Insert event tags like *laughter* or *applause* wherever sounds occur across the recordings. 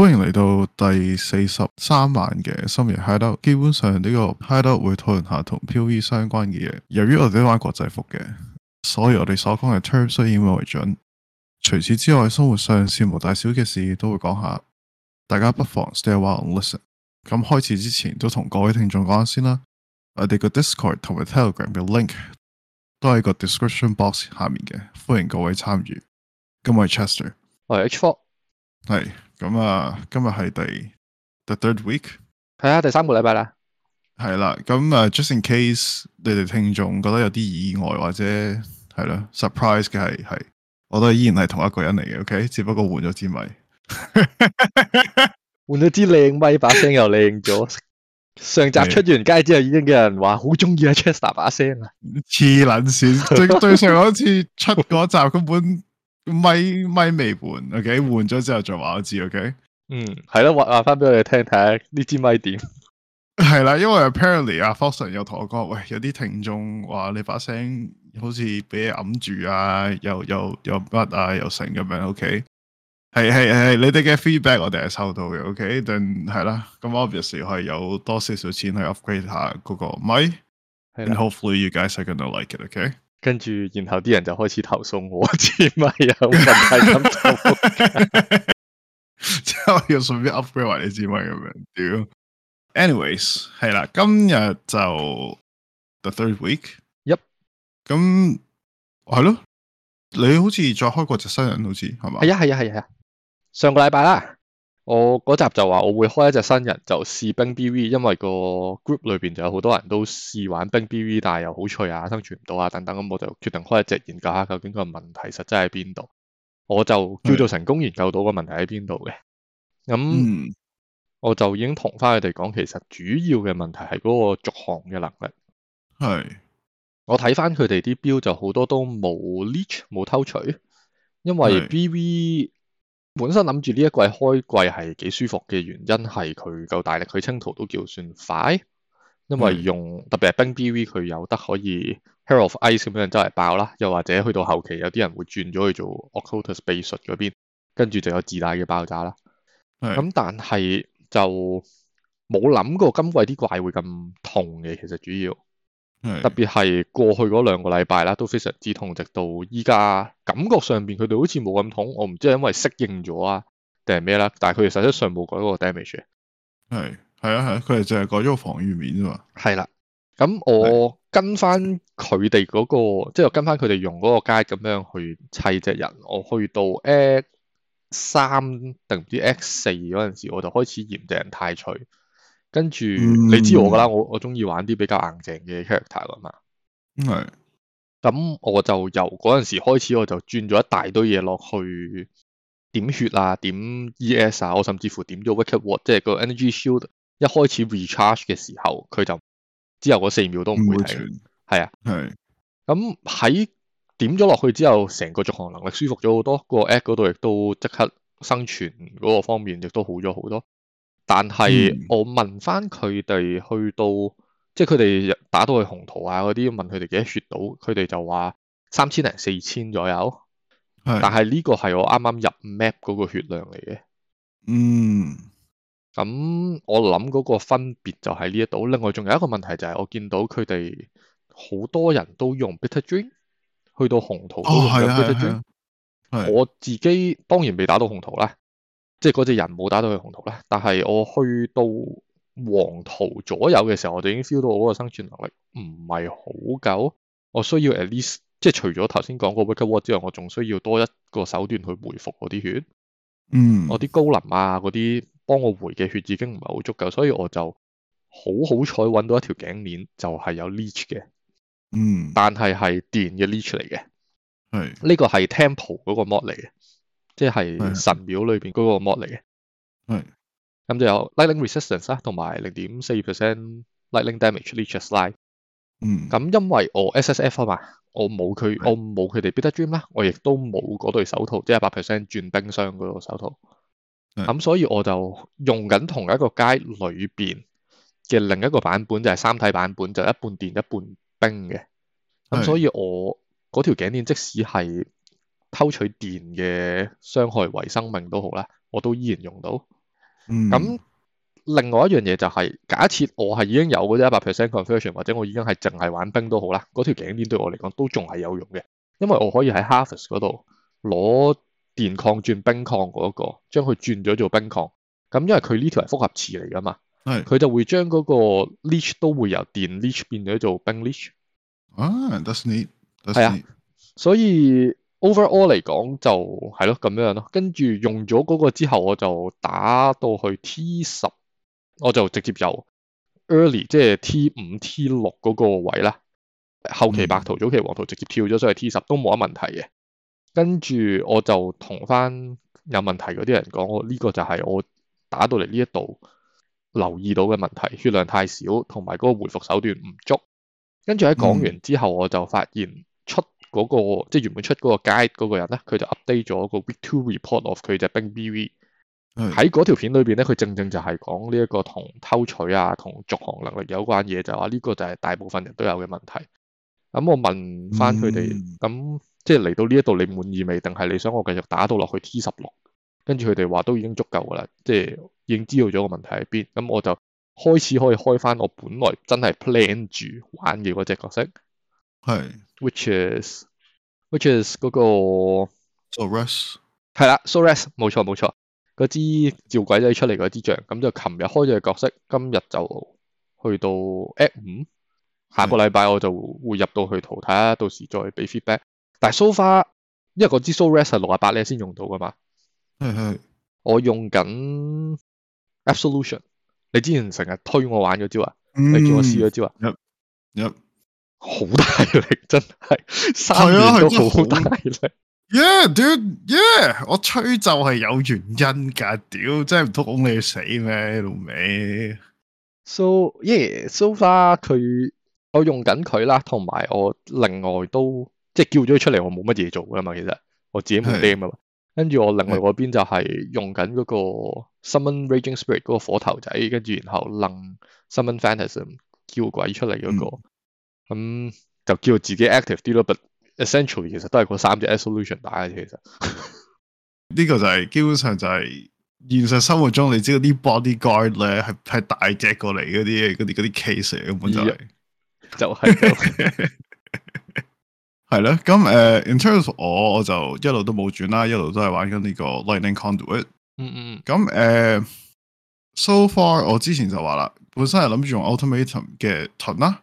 歡迎嚟到第四十三晚嘅深夜 Hideout。基本上呢個 Hideout 會討論下同 PoE 相關嘅嘢。由於我哋都玩國際服嘅，所以我哋所講嘅 Term 需要為準。除此之外，生活上事無大小嘅事都會講下。大家不妨 Stay Well and Listen。咁開始之前都同各位聽眾講下先啦。我哋個 Discord 同埋 Telegram 嘅 link 都喺個 Description Box 下面嘅。歡迎各位參與今我、哎。今日係 Chester，我係 H Four，係。咁啊，今日係第 the third week，係啊，第三個禮拜啦。係啦、啊，咁啊，just in case 你哋聽眾覺得有啲意外或者係啦、啊、surprise 嘅係係，我都係依然係同一個人嚟嘅，OK，只不過換咗支咪，換 *laughs* 咗支靚咪，把聲又靚咗。上集出完街之後，已經有人話好中意啊，Chester 把聲啊，黐捻線。最最上嗰次出嗰集根本。咪咪未換，OK，換咗之後再話我知，OK。嗯，係咯，話話翻俾我哋聽，睇下呢支咪點。係啦，因為 Apparently 啊，Foxon 又同我講，喂，有啲聽眾話你把聲好似俾嘢揞住啊，又又又乜啊，又成咁樣，OK。係係係，你哋嘅 feedback 我哋係收到嘅，OK。Then 係啦，咁 obviously 係有多少少錢去 upgrade 下嗰個咪，and hopefully you guys are going to like it，OK。跟住，然後啲人就開始投訴我，知咪啊！有問題咁多，之後要順便 upgrade 你黐咪咁樣。屌，anyways 係啦，今日就 the third week, yep. 嗯。yep 咁係咯，你好似再開過隻新人，好似係嘛？係啊，係啊，係啊，上個禮拜啦。我嗰集就話我會開一隻新人就試冰 B V，因為個 group 裏邊就有好多人都試玩冰 B V，但係又好脆啊，生存唔到啊等等。咁我就決定開一隻研究下究竟個問題實質喺邊度。我就叫做成功研究到個問題喺邊度嘅。咁我就已經同翻佢哋講，其實主要嘅問題係嗰個續航嘅能力係。我睇翻佢哋啲標就好多都冇 leech 冇偷取，因為 B V。本身諗住呢一季開季係幾舒服嘅，原因係佢夠大力，佢清圖都叫算快，因為用特別係冰 BV 佢有得可以 Herald of Ice 咁樣周圍爆啦，又或者去到後期有啲人會轉咗去做 Occultist 秘術嗰邊，跟住就有自帶嘅爆炸啦。咁但係就冇諗過今季啲怪會咁痛嘅，其實主要。是特別係過去嗰兩個禮拜啦，都非常之痛，直到依家感覺上邊佢哋好似冇咁痛，我唔知係因為適應咗啊定係咩啦，但係佢哋實質上冇改嗰個 damage。係係啊係，佢哋淨係改咗個防禦面啊嘛。係啦，咁我跟翻佢哋嗰個，即係、就是、跟翻佢哋用嗰個街咁樣去砌隻人，我去到 X 三定唔知 X 四嗰陣時候，我就開始嫌隻人太脆。跟住、嗯、你知我噶啦，我我中意玩啲比較硬淨嘅 character 噶嘛。係，咁我就由嗰陣時開始，我就轉咗一大堆嘢落去點血啊，點 ES 啊，我甚至乎點咗 Wicked Ward，即係個 Energy Shield。一開始 recharge 嘅時候，佢就之後個四秒都唔會停。係、嗯、啊，係。咁喺點咗落去之後，成個續航能力舒服咗好多，那個 act 嗰度亦都即刻生存嗰個方面亦都好咗好多。但係我問翻佢哋去到，嗯、即係佢哋打到去紅圖啊嗰啲，問佢哋幾多血到，佢哋就話三千零四千左右。係，但係呢個係我啱啱入 map 嗰個血量嚟嘅。嗯，咁、嗯、我諗嗰個分別就係呢一度。另外仲有一個問題就係我見到佢哋好多人都用 Bitterdream 去到紅圖都用 Bitterdream。我自己、啊、當然未打到紅圖啦。即係嗰隻人冇打到去紅圖咧，但係我去到黃圖左右嘅時候，我就已經 feel 到我嗰個生存能力唔係好夠，我需要 at least 即係除咗頭先講個 wake up word 之外，我仲需要多一個手段去回復我啲血。嗯，我啲高能啊嗰啲幫我回嘅血已經唔係好足夠，所以我就好好彩揾到一條頸鏈就係有 leech 嘅。嗯，但係係電嘅 leech 嚟嘅。係，呢個係 temple 嗰個 mod 嚟嘅。即係神廟裏邊嗰個 mod 嚟嘅，咁就有 lightning resistance 啦、啊，同埋零點四 percent lightning damage leeched as life。嗯，咁因為我 SSF 啊嘛，我冇佢、啊，我冇佢哋 build a dream 啦，我亦都冇嗰對手套，即係百 percent 轉冰霜嗰個手套。咁所以我就用緊同一個街裏邊嘅另一個版本，就係、係、三體版本，就係、一半電一半冰嘅。咁所以我嗰條頸鏈即使係偷取電嘅傷害維生命都好啦，我都依然用到。咁、嗯、另外一樣嘢就係、是、假設我係已經有嗰啲一百 percent conversion 或者我已經係淨係玩冰都好啦，嗰條頸鏈對我嚟講都仲係有用嘅，因為我可以喺 harvest 嗰度攞電礦轉冰礦嗰、那個，將佢轉咗做冰礦。咁因為佢呢條係複合池嚟噶嘛，係佢就會將嗰個 leech 都會由電 leech 變咗做冰 leech。啊，that's neat。係啊，所以。overall 嚟講就係咯咁樣咯，跟住用咗嗰個之後，我就打到去 T 十，我就直接由 early 即係 T 五 T 六嗰個位啦。後期白圖，早期黃圖，直接跳咗出去，所以 T 十都冇乜問題嘅。跟住我就同翻有問題嗰啲人講，我、這、呢個就係我打到嚟呢一度留意到嘅問題，血量太少，同埋嗰個回復手段唔足。跟住喺講完之後，我就發現出。嗰、那個即係原本出嗰個 guide 嗰個人咧，佢就 update 咗個 Week Two Report of 佢隻 Big BV。喺嗰條片裏邊咧，佢正正就係講呢一個同偷取啊、同續航能力有關嘢，就話呢個就係大部分人都有嘅問題。咁我問翻佢哋，咁、嗯、即係嚟到呢一度你滿意未？定係你想我繼續打到落去 T 十六？跟住佢哋話都已經足夠噶啦，即係已經知道咗個問題喺邊。咁我就開始可以開翻我本來真係 plan 住玩嘅嗰隻角色。係，which is which is 嗰、那個 sores 係啦，sores 冇錯冇錯，嗰支召鬼仔出嚟嗰支將，咁就琴日開咗個角色，今日就去到 act 五，下個禮拜我就會入到去圖啦，看看到時再俾 feedback。但係 so far，因為嗰支 sores 係六十八咧先用到噶嘛是是，我用緊 absolution，你之前成日推我玩嗰招啊，你、嗯、叫我試嗰招啊，yep, yep. 好大力，真係三年都好大力。Yeah，dude，yeah，、啊、yeah, 我吹就係有原因噶。屌，真係唔通你死咩老味 So，yeah，so far 佢我用緊佢啦，同埋我另外都即係叫咗佢出嚟，我冇乜嘢做噶嘛。其實我自己唔掂㗎嘛！跟住我另外嗰邊就係用緊嗰個 Summon Raging Spirit 嗰個火頭仔，跟住然後楞 Summon Phantasm 叫鬼出嚟嗰、那個。嗯咁、嗯、就叫自己 active 啲咯，但係 essentially 其實都係嗰三隻 solution 打嘅其實。呢、這個就係、是、基本上就係、是、現實生活中你知嗰啲 bodyguard 咧，係係大隻過嚟嗰啲嘅嗰啲啲 case 嚟嘅，根本就係、是、就係係咧咁誒，in terms of 我我就一路都冇轉啦，一路都係玩緊呢個 lightning conduit。嗯嗯咁誒、uh,，so far 我之前就話啦，本身係諗住用 automaton 嘅盾啦。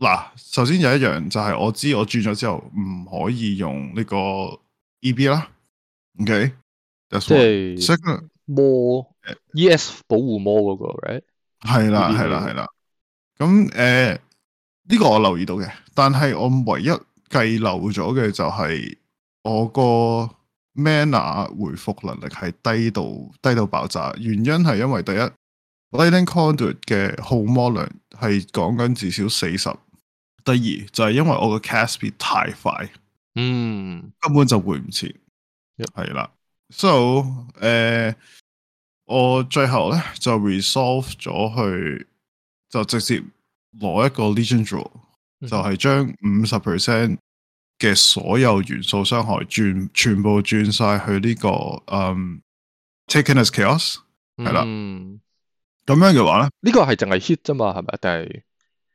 嗱，首先有一樣就係、是、我知我轉咗之後唔可以用呢個 EB 啦，OK？That's 即係、uh, yes, 魔 ES 保護魔嗰個，right？係啦，係啦，係啦。咁誒呢個我留意到嘅，但係我唯一計漏咗嘅就係我個 mana 回復能力係低到低到爆炸。原因係因為第一 Lightning Conduit 嘅耗魔量係講緊至少四十。第二就係、是、因為我個 cast speed 太快，嗯，根本就回唔切，係、嗯、啦。So，誒、呃，我最後咧就 resolve 咗去，就直接攞一個 legendary、嗯、就係將五十 percent 嘅所有元素傷害轉全部轉晒去呢、這個嗯 taken as chaos，係啦。咁、嗯、樣嘅話咧，呢、這個係淨係 hit 啫嘛，係咪？定係？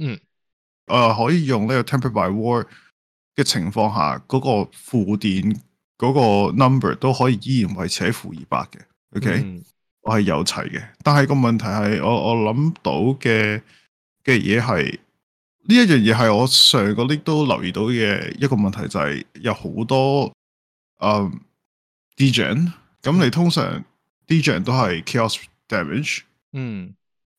嗯，誒、uh,，可以用呢個 Tempered by War 嘅情況下，嗰、那個負電嗰、那個 number 都可以依然維持喺負二百嘅。OK，、嗯、我係有齊嘅。但係個問題係，我我諗到嘅嘅嘢係呢一樣嘢係我上嗰啲都留意到嘅一個問題就係、是、有好多 d、嗯、Degen，咁、嗯、你通常 Degen 都係 chaos damage。嗯。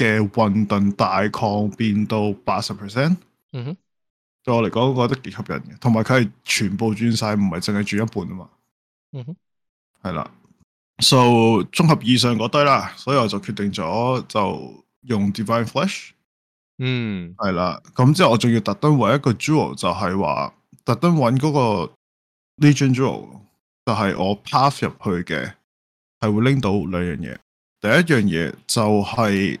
嘅混沌大抗變到八十 percent，嗯哼，mm -hmm. 對我嚟講覺得幾吸引嘅，同埋佢係全部轉晒，唔係淨係轉一半啊嘛，嗯、mm、哼 -hmm.，係啦，so 綜合以上嗰堆啦，所以我就決定咗就用 Divine Flesh，嗯、mm -hmm.，係啦，咁之後我仲要特登揾一個，Jewel，就個 Jewel，就係話特登揾嗰個 Legion Jewel，就係我 pass 入去嘅係會拎到兩樣嘢，第一樣嘢就係、是。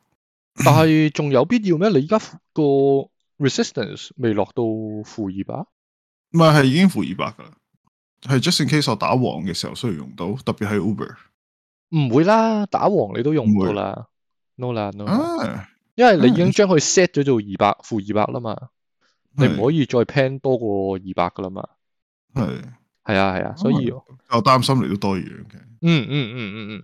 但係仲有必要咩？你而家個 resistance 未落到負二百？唔係，係已經負二百噶，係 just in case 我打王嘅時候需要用到，特別係 Uber。唔會啦，打王你都用唔到啦，no 啦 no。啊，因為你已經將佢 set 咗做二百負二百啦嘛，你唔可以再 plan 多過二百噶啦嘛。係係、嗯、啊係啊，所以我擔心你要多餘嘅、okay。嗯嗯嗯嗯嗯。嗯嗯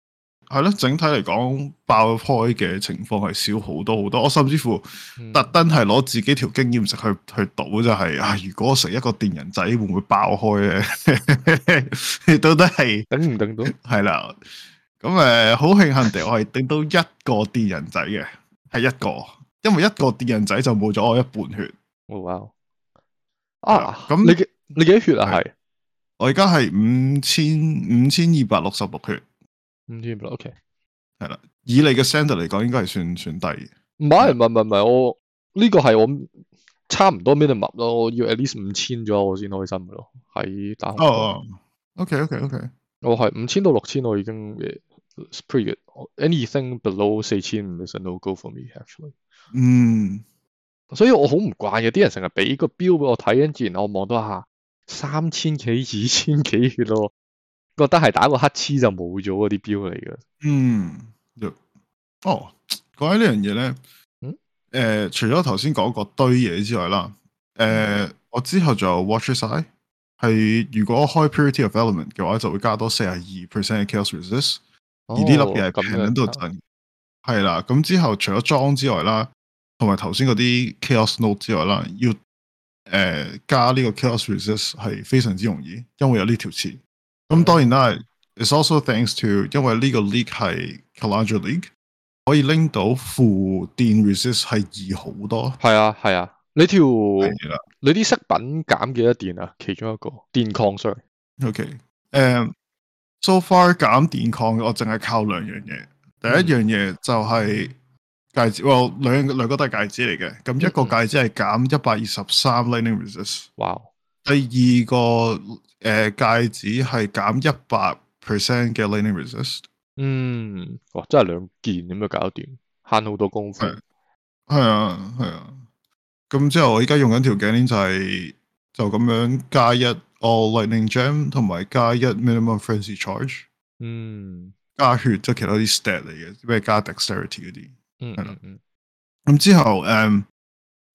係咯，整體嚟講，爆開嘅情況係少好多好多。我甚至乎特登係攞自己條經驗食去、嗯、去賭，就係、是、啊，如果食一個電人仔會唔會爆開咧？*laughs* 到底係頂唔頂到？係啦，咁誒，好、呃、慶幸運地我係頂到一個電人仔嘅，係 *laughs* 一個，因為一個電人仔就冇咗我一半血。哦哇！啊，咁你你幾多血啊？係我而家係五千五千二百六十六血。五千啦，OK，係啦，以你嘅 standard 嚟講，應該係算算低嘅。唔係唔係唔係，我呢、這個係我差唔多 minimum 咯，我要 at least 五千咗，我先開心嘅咯。喺打工。哦哦，OK OK OK，我係五千到六千，我已經，pretty good，anything below 四千五 is a no go for me，actually、mm.。嗯，所以我好唔慣嘅，啲人成日俾個表俾我睇，跟住然後我望到下，三千幾，二千幾嘅咯。覺得係打個乞嗤就冇咗嗰啲標嚟嘅。嗯，哦，講起呢樣嘢咧，嗯，誒、呃，除咗頭先講個堆嘢之外啦，誒、呃，我之後就 watcher side 係，如果開 purity of element 嘅話，就會加多四十二 percent chaos resist，哦、而呢粒嘢係平喺度震。係啦，咁之後除咗裝之外啦，同埋頭先嗰啲 chaos note 之外啦，要誒、呃、加呢個 chaos resist 係非常之容易，因為有呢條詞。咁當然啦，係，It's also thanks to，因為呢個 league 係 Kalandra league，可以拎到負電 resist 係易好多。係啊，係啊，你條、啊、你啲飾品減幾多電啊？其中一個電抗衰。OK，誒、um,，so far 減電抗我淨係靠兩樣嘢，第一樣嘢就係戒指，我、嗯、兩兩個都係戒指嚟嘅，咁一個戒指係減一百二十三 lightning resist、嗯。哇！第二個誒戒指係減一百 percent 嘅 lightning resist。嗯，哇、哦，真係兩件點都搞掂？慳好多功夫。係啊，係啊。咁之後我而家用緊條頸鏈就係、是、就咁樣加一個、oh, lightning gem，同埋加一 minimum frenzy charge。嗯，加血即係、就是、其他啲 stat 嚟嘅，咩加 dexterity 嗰啲。嗯，嗯，嗯，係啦。咁之後誒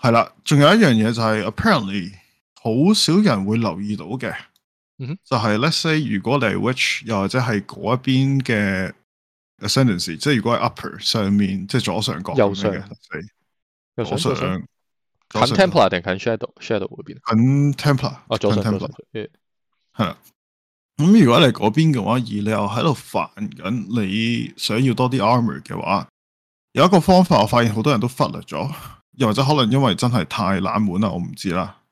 係啦，仲、um, 有一樣嘢就係、是、apparently。好少人會留意到嘅、嗯，就係、是、let's say 如果你 witch 又或者係嗰一邊嘅 ascendancy，c 即係如果係 upper 上面，即係左上角右上，右上近 Templar 定近 shadow？shadow 嗰邊近 Templar 哦，左上角係啦。咁如果你嗰邊嘅話，而你又喺度煩緊，你想要多啲 armour 嘅話，有一個方法，我發現好多人都忽略咗，又或者可能因為真係太冷門啦，我唔知啦。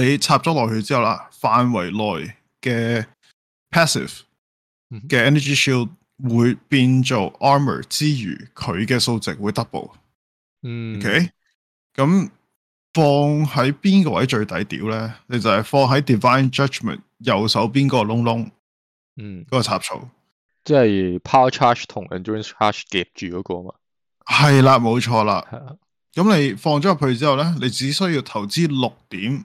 你插咗落去之後啦，範圍內嘅 passive 嘅 energy shield 會變做 armor 之餘，佢嘅數值會 double 嗯。嗯，OK。咁放喺邊個位最低調咧？你就係放喺 Divine Judgment 右手邊個窿窿，嗯，嗰個插槽，即係 Power Charge 同 Endurance Charge 夾住嗰個嘛。係啦，冇錯啦。咁你放咗入去之後咧，你只需要投資六點。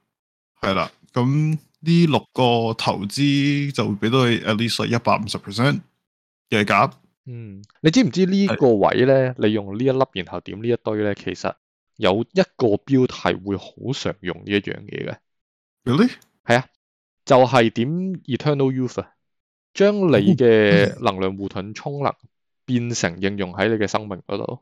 係啦，咁呢六個投資就會俾到你 at least 一百五十 percent 嘅減。嗯，你知唔知呢個位咧？你用呢一粒然後點呢一堆咧？其實有一個標題會好常用呢一樣嘢嘅。Really？係啊，就係、是、點 Eternal Youth，將你嘅能量護盾充能，變成應用喺你嘅生命嗰度。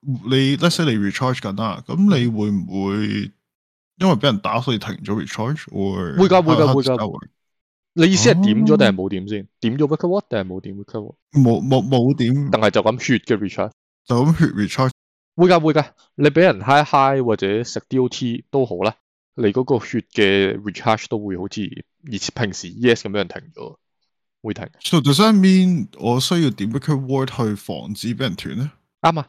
你，Let's say 你 recharge 緊啦，咁你會唔會因為俾人打所以停咗 recharge？會會噶會噶會噶。你意思係點咗定係冇點先？點咗 Wicked Ward 定係冇點 Wicked Ward？冇冇冇點，但係就咁血嘅 recharge，就咁血 recharge，會噶會噶。你俾人 high high 或者食 dot 都好啦，你嗰個血嘅 recharge 都會好似而且平時 es 咁俾人停咗，會停。So does that mean 我需要點 Wicked Ward 去防止俾人斷咧？啱啊。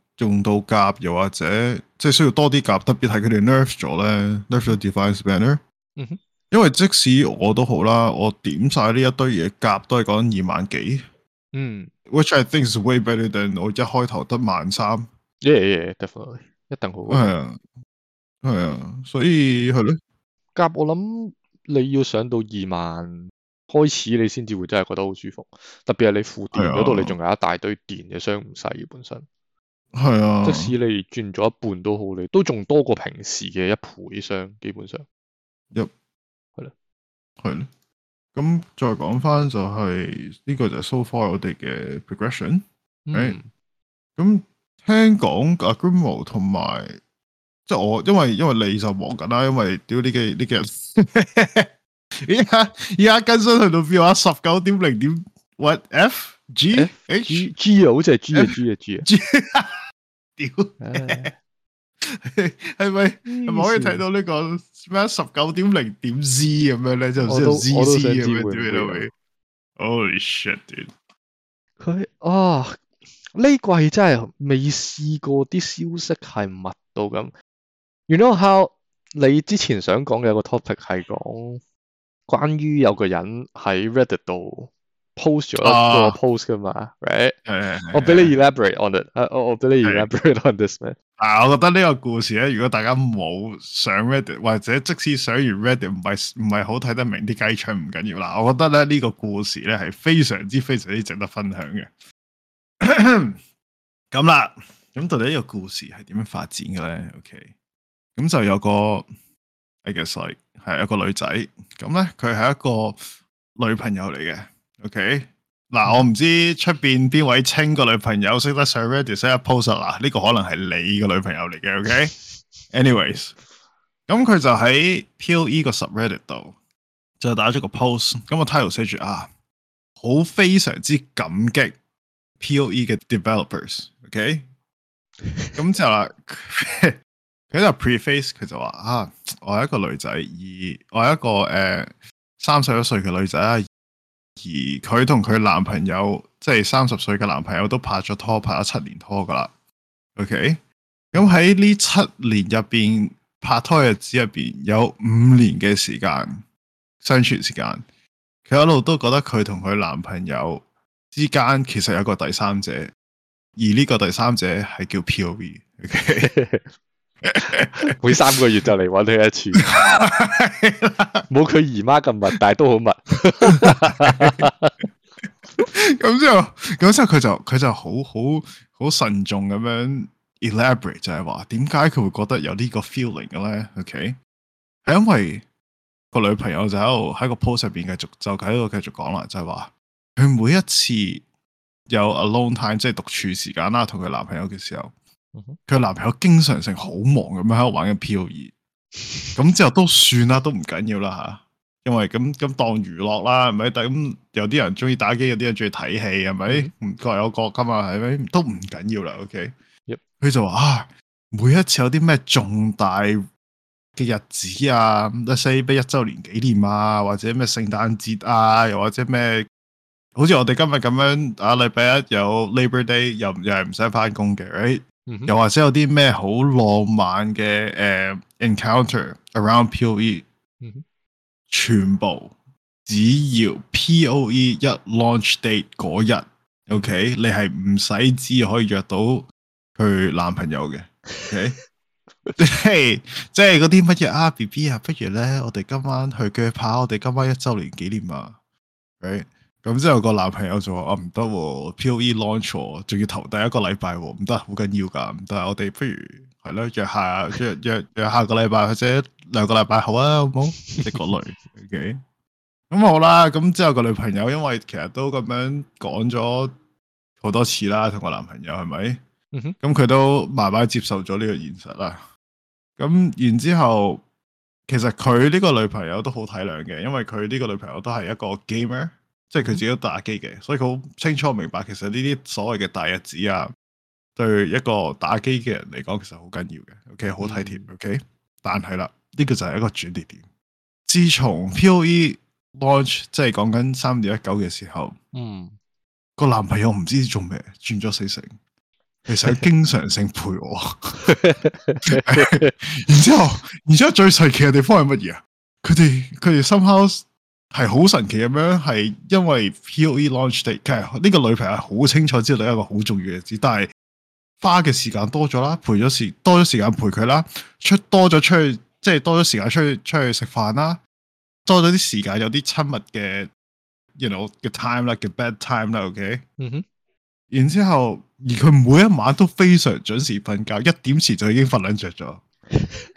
用到甲又或者即係需要多啲甲，特別係佢哋 nerf 咗咧，nerf the Defiance Banner。Mm -hmm. 因為即使我都好啦，我點晒呢一堆嘢甲都係講二萬幾。嗯、mm -hmm.，which I think is way better than 我一開頭得萬三。耶、yeah, e、yeah, definitely 一定好。係啊係啊，所以係咯，甲我諗你要上到二萬開始，你先至會真係覺得好舒服。特別係你負電嗰度，啊、你仲有一大堆電嘅傷唔細本身。係啊，即使你轉咗一半都好，你都仲多過平時嘅一倍以上基本上，一係啦，係啦，咁再講翻就係、是、呢、呢個就係 so far 我哋嘅 progression，咁、嗯、聽講阿 Google 同埋，即係我因為因為你就忙緊啦，因為屌呢幾呢幾日，而家而家更新去到 V R 十九點零點 What F？G，h、欸、g g 好似係 G 啊，G 啊，G 啊，屌，係咪係咪可以睇到呢個咩十九點零點 Z 咁樣咧？就似 ZZ 咁樣，屌你，Holy shit！佢哦，呢季真係未試過啲消息係密到咁。原來學校你之前想講嘅一個 topic 係講關於有個人喺 Reddit 度。post 嘅嘛，oh，right？我 l 你 elaborate on it。b 我 l l 你 elaborate on this man。嗱，我覺得呢個故事咧，如果大家冇上 Reddit 或者即使上完 Reddit 唔係唔係好睇得明啲雞腸，唔緊要。嗱，我覺得咧呢，這個故事咧係非常之非常之值得分享嘅。咁啦，咁*咳咳*到底呢個故事係點樣發展嘅咧？OK，咁就有個 I guess 係係一個女仔，咁咧佢係一個女朋友嚟嘅。OK，嗱，我唔知出邊邊位青個女朋友識得 Subreddit 寫 post 啦，呢、這個可能係你個女朋友嚟嘅。OK，anyways，、okay? 咁佢就喺 Poe 個 Subreddit 度就打咗個 post，咁、那個 title 寫住啊，好非常之感激 Poe 嘅 developers。OK，咁 *laughs* 就佢就 preface，佢就話啊，我係一個女仔，而我係一個誒三十多歲嘅女仔啊。而佢同佢男朋友，即係三十歲嘅男朋友，都拍咗拖，拍咗七年拖噶啦。OK，咁喺呢七年入邊拍拖日子入邊，有五年嘅時間相處時間，佢一路都覺得佢同佢男朋友之間其實有一個第三者，而呢個第三者係叫 POE。OK *laughs*。每三個月就嚟搵佢一次，冇 *laughs* 佢姨媽咁密，但係都好密。咁之後，咁之後佢就佢就好好好慎重咁樣 elaborate，就係話點解佢會覺得有呢個 feeling 嘅咧？OK，係因為個女朋友就喺個 post 入邊繼續就喺度繼續講啦，就係話佢每一次有 alone time，即係獨處時間啦，同佢男朋友嘅時候。佢男朋友經常性好忙咁樣喺度玩緊 POE，咁之後都算啦，都唔緊要啦吓，因為咁咁當娛樂啦，係咪？咁有啲人中意打機，有啲人中意睇戲，係咪、嗯？各有各噶嘛，係咪？都唔緊要啦。O.K. 佢、嗯、就話啊，每一次有啲咩重大嘅日子啊，例如比如一周年紀念啊，或者咩聖誕節啊，又或者咩，好似我哋今日咁樣啊，禮拜一有 Labor Day 又又係唔使翻工嘅，right? 又或者有啲咩好浪漫嘅誒、uh,，encounter around P O E，、嗯、全部只要 P O E 一 launch date 嗰日，OK，你係唔使知可以約到佢男朋友嘅，OK？即係嗰啲乜嘢啊，B B 啊，不如咧，我哋今晚去鋸扒，我哋今晚一周年紀念啊，right? 咁之後個男朋友就話，我唔得，POE launch，仲要投第一個禮拜，唔得好緊要噶，但係，我哋不如係咯，約下，約約下個禮拜或者兩個禮拜好啊，好唔好？*laughs* 一個類 OK，咁好啦，咁之後個女朋友因為其實都咁樣講咗好多次啦，同個男朋友係咪？咁佢、mm -hmm. 都慢慢接受咗呢個現實啦。咁然之後，其實佢呢個女朋友都好體諒嘅，因為佢呢個女朋友都係一個 gamer。即係佢自己都打機嘅，所以佢好清楚明白，其實呢啲所謂嘅大日子啊，對一個打機嘅人嚟講，其實好緊要嘅，OK，好體貼，OK、嗯但。但係啦，呢個就係一個轉折點。自從 POE launch，即係講緊三點一九嘅時候，嗯，個男朋友唔知做咩，轉咗四成，其實經常性陪我，*laughs**laughs*然之後，然之後最神奇嘅地方係乜嘢啊？佢哋佢哋 somehow 係好神奇咁樣，係因為 POE launch day，其實呢個女朋友好清楚知道一個好重要嘅日子，但係花嘅時間多咗啦，陪咗時多咗時間陪佢啦，出多咗出去，即係多咗時間出去出去食飯啦，多咗啲時間有啲親密嘅，you know 嘅 time 啦，嘅 bad time 啦，OK，、嗯、哼，然之後而佢每一晚都非常準時瞓覺，一點前就已經瞓兩着咗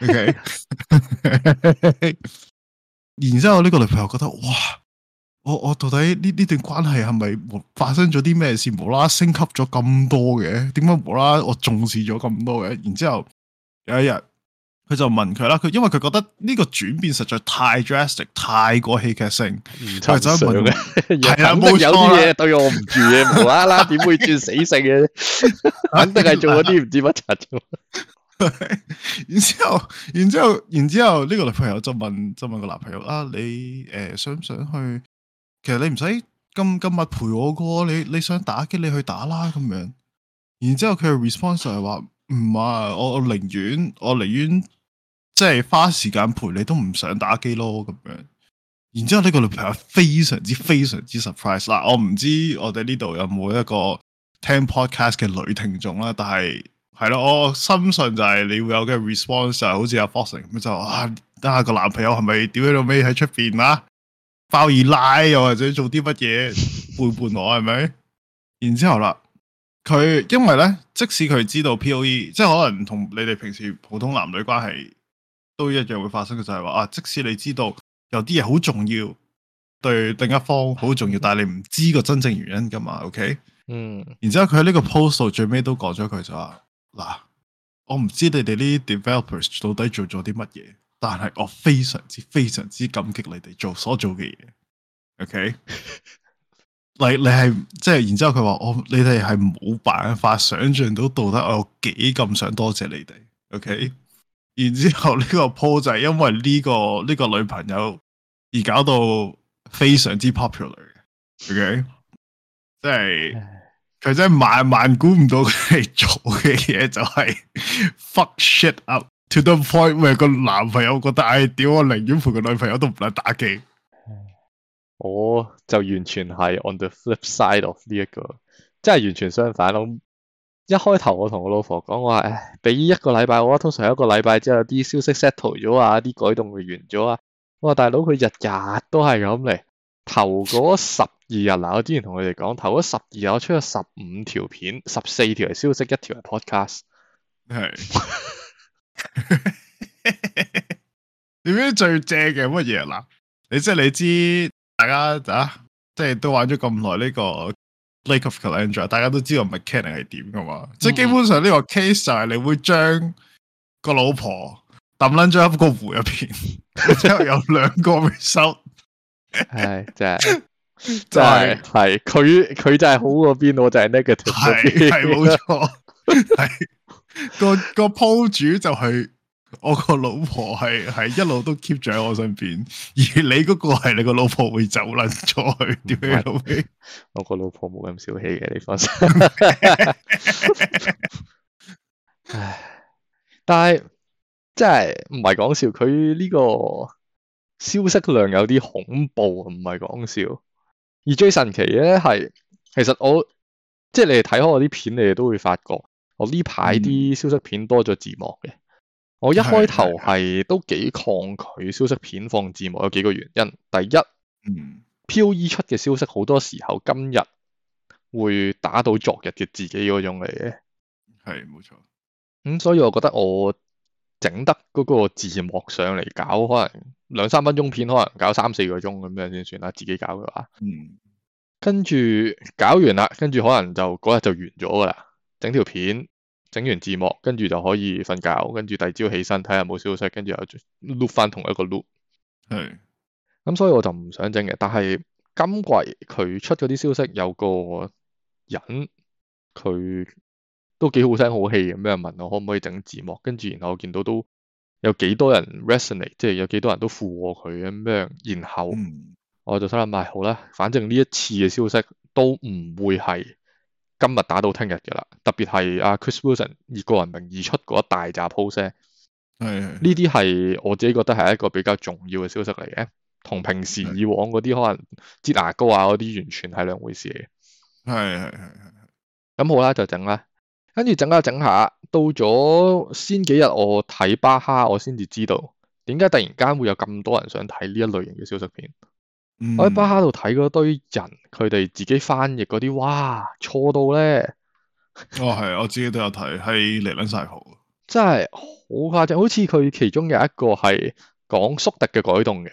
，OK *laughs*。*laughs* 然之後呢個女朋友覺得，哇！我我到底呢呢段關係係咪發生咗啲咩事？無啦升級咗咁多嘅，點解無啦我重視咗咁多嘅？然之後有一日佢就問佢啦，佢因為佢覺得呢個轉變實在太 drastic，太過戲劇性，係真嘅，係啊，冇 *laughs* 有啲嘢對我唔住嘅，*laughs* 無啦啦點會轉死性嘅？*laughs* 肯定係做咗啲唔知乜柒。*laughs* *laughs* 然之後，然之後，然之後，呢個女朋友就問，就問個男朋友啊，你誒、呃、想唔想去？其實你唔使咁今日陪我個，你你想打機，你去打啦咁樣。然之後佢嘅 response 係話唔係，我寧我寧願我寧願即係花時間陪你，都唔想打機咯咁樣。然之後呢個女朋友非常之非常之 surprise 嗱，我唔知我哋呢度有冇一個聽 podcast 嘅女聽眾啦，但係。係咯，我深信就係你會有嘅 response，好似阿 Foxing 咁就啊，等下個男朋友係咪屌喺度尾喺出邊啊？包二奶又或者做啲乜嘢背叛我係咪？然之後啦，佢因為咧，即使佢知道 POE，即係可能同你哋平時普通男女關係都一樣會發生嘅，就係話啊，即使你知道有啲嘢好重要，對另一方好重要，但係你唔知個真正原因噶嘛？OK？嗯。然之後佢喺呢個 post 最尾都講咗佢就話。嗱，我唔知你哋呢啲 developers 到底做咗啲乜嘢，但係我非常之非常之感激你哋做所做嘅嘢。OK，*laughs* 你你係即係，然之後佢話我你哋係冇辦法想象到到底我有幾咁想多謝你哋。OK，然之後呢個 po 就係因為呢個呢個女朋友而搞到非常之 popular、OK，即係。嘅 OK，即係。佢真係慢慢估唔到佢做嘅嘢就係 fuck shit up to the point，where 個男朋友覺得，唉，屌我寧願陪個女朋友都唔甩打機。我就完全係 on the flip side of 呢一個，真係完全相反咯。一開頭我同我老婆講話，唉，畀一個禮拜，我通常一個禮拜之後啲消息 settle 咗啊，啲改動會完咗啊。我話大佬佢日日都係咁嚟。頭嗰十二日嗱，我之前同佢哋講，頭嗰十二日我出咗十五條片，十四條係消息，一條係 podcast。係 *laughs*，點樣最正嘅乜嘢嗱，你即係你知，大家啊，即係都玩咗咁耐呢個 Lake of Kalandra，大家都知道 mechanic 係點噶嘛？即係基本上呢個 case 就係你會將個老婆抌撚咗喺個湖入邊，之 *laughs* 後有兩個回收。係、哎、真係就係係佢佢就係好嗰邊，我就係 negative 嗰邊，係係冇錯。係 *laughs* 個個鋪主就係、係、我個老婆，係係一路都 keep 住喺我身邊。而你嗰個係你個老婆會走甩出去點解？*laughs* *對吧* *laughs* 我個老婆冇咁小氣嘅，你放心。*laughs**laughs*唉，但係即係唔係講笑，佢呢、這個。消息量有啲恐怖，唔係講笑。而最神奇嘅咧係，其實我即係你哋睇開我啲片，你哋都會發覺我呢排啲消息片多咗字幕嘅，嗯。我一開頭係都幾抗拒消息片放字幕，有幾個原因。第一，嗯 POE 出嘅消息好多時候今日會打到昨日嘅自己嗰種嚟嘅。係冇錯。咁、嗯、所以我覺得我。整得嗰個字幕上嚟搞，可能兩三分鐘片，可能搞三四個鐘咁樣先算啦。自己搞嘅話，嗯，跟住搞完啦，跟住可能就嗰日就完咗㗎啦。整條片，整完字幕，跟住就可以瞓覺。跟住第二朝起身睇下冇消息，跟住又 loop 翻同一個 loop。咁、嗯、所以我就唔想整嘅。但係今季佢出咗啲消息有個人佢，都幾好聲好氣咁樣問我可唔可以整字幕，跟住然後我見到都有幾多人 resonate，即係有幾多人都附和佢咁樣。然後我就心諗咪好啦，反正呢一次嘅消息都唔會係今日打到聽日嘅啦。特別係阿 Chris Wilson 以個人名義出嗰一大扎 post，係呢啲係我自己覺得係一個比較重要嘅消息嚟嘅，同平時以往嗰啲可能擠牙膏啊嗰啲完全係兩回事嚟嘅。係係係係。咁好啦，就整啦。跟住整下整下，到咗先幾日，我睇巴哈，我先至知道點解突然間會有咁多人想睇呢一類型嘅小說片，嗯。我喺巴哈度睇嗰堆人，佢哋自己翻譯嗰啲，哇，錯到咧。哦，係，我自己都有睇，係嚟捻晒好，真係好誇張，好似佢其中有一個係講宿敵嘅改動嘅，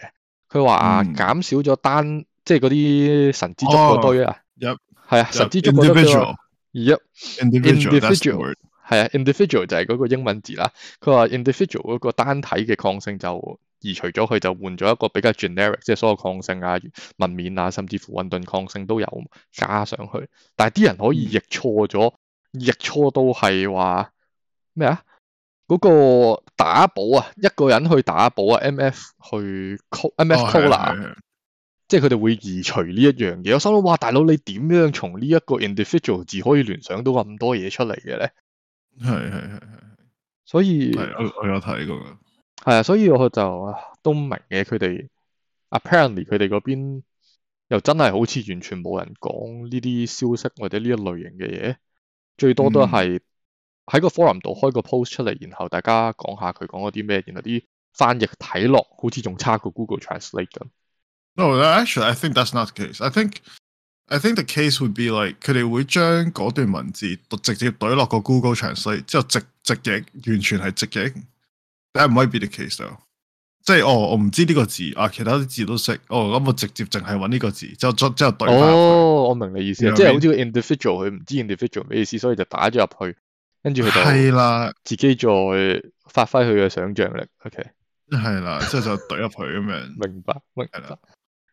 佢話減少咗單，嗯、即係嗰啲神之族嗰堆啊。有，係啊，yep, 啊 yep, 神之族嗰啲而、yep, 一 individual 係啊、yeah,，individual 就係嗰個英文字啦。佢話 individual 一個單體嘅抗性就移除咗，佢就換咗一個比較 generic，即係、就是、所有抗性啊、文面啊，甚至乎混沌抗性都有加上去。但係啲人可以譯錯咗，譯、嗯、錯都係話咩啊？嗰、那個打寶啊，一個人去打寶啊，M F 去 call M F call 啊。即係佢哋會移除呢一樣嘢，我心諗哇，大佬你點樣從呢一個 individual 字可以聯想到咁多嘢出嚟嘅咧？係係係係，所以我我有睇過，係啊，所以我就都明嘅。佢哋 apparently 佢哋嗰邊又真係好似完全冇人講呢啲消息或者呢一類型嘅嘢，最多都係喺個 forum 度開個 post 出嚟，然後大家講下佢講咗啲咩，然後啲翻譯睇落好似仲差過 Google Translate 咁。No，actually，I think that's not the case。I think，I think the case would be like 佢哋會將嗰段文字直接懟落個 Google Translate 之後直直譯，完全係直譯，誒唔可以 be the case 咯。即係哦，我唔知呢個字啊，其他啲字都識哦，咁我，我直接淨係搵呢個字，之就之後懟。哦，我明你意思，即係好似個 individual，佢唔知 individual 咩意思，所以就打咗入去，跟住佢係啦，自己再發揮佢嘅想象力。O.K. 係啦，之後就懟入去咁樣 *laughs*，明白。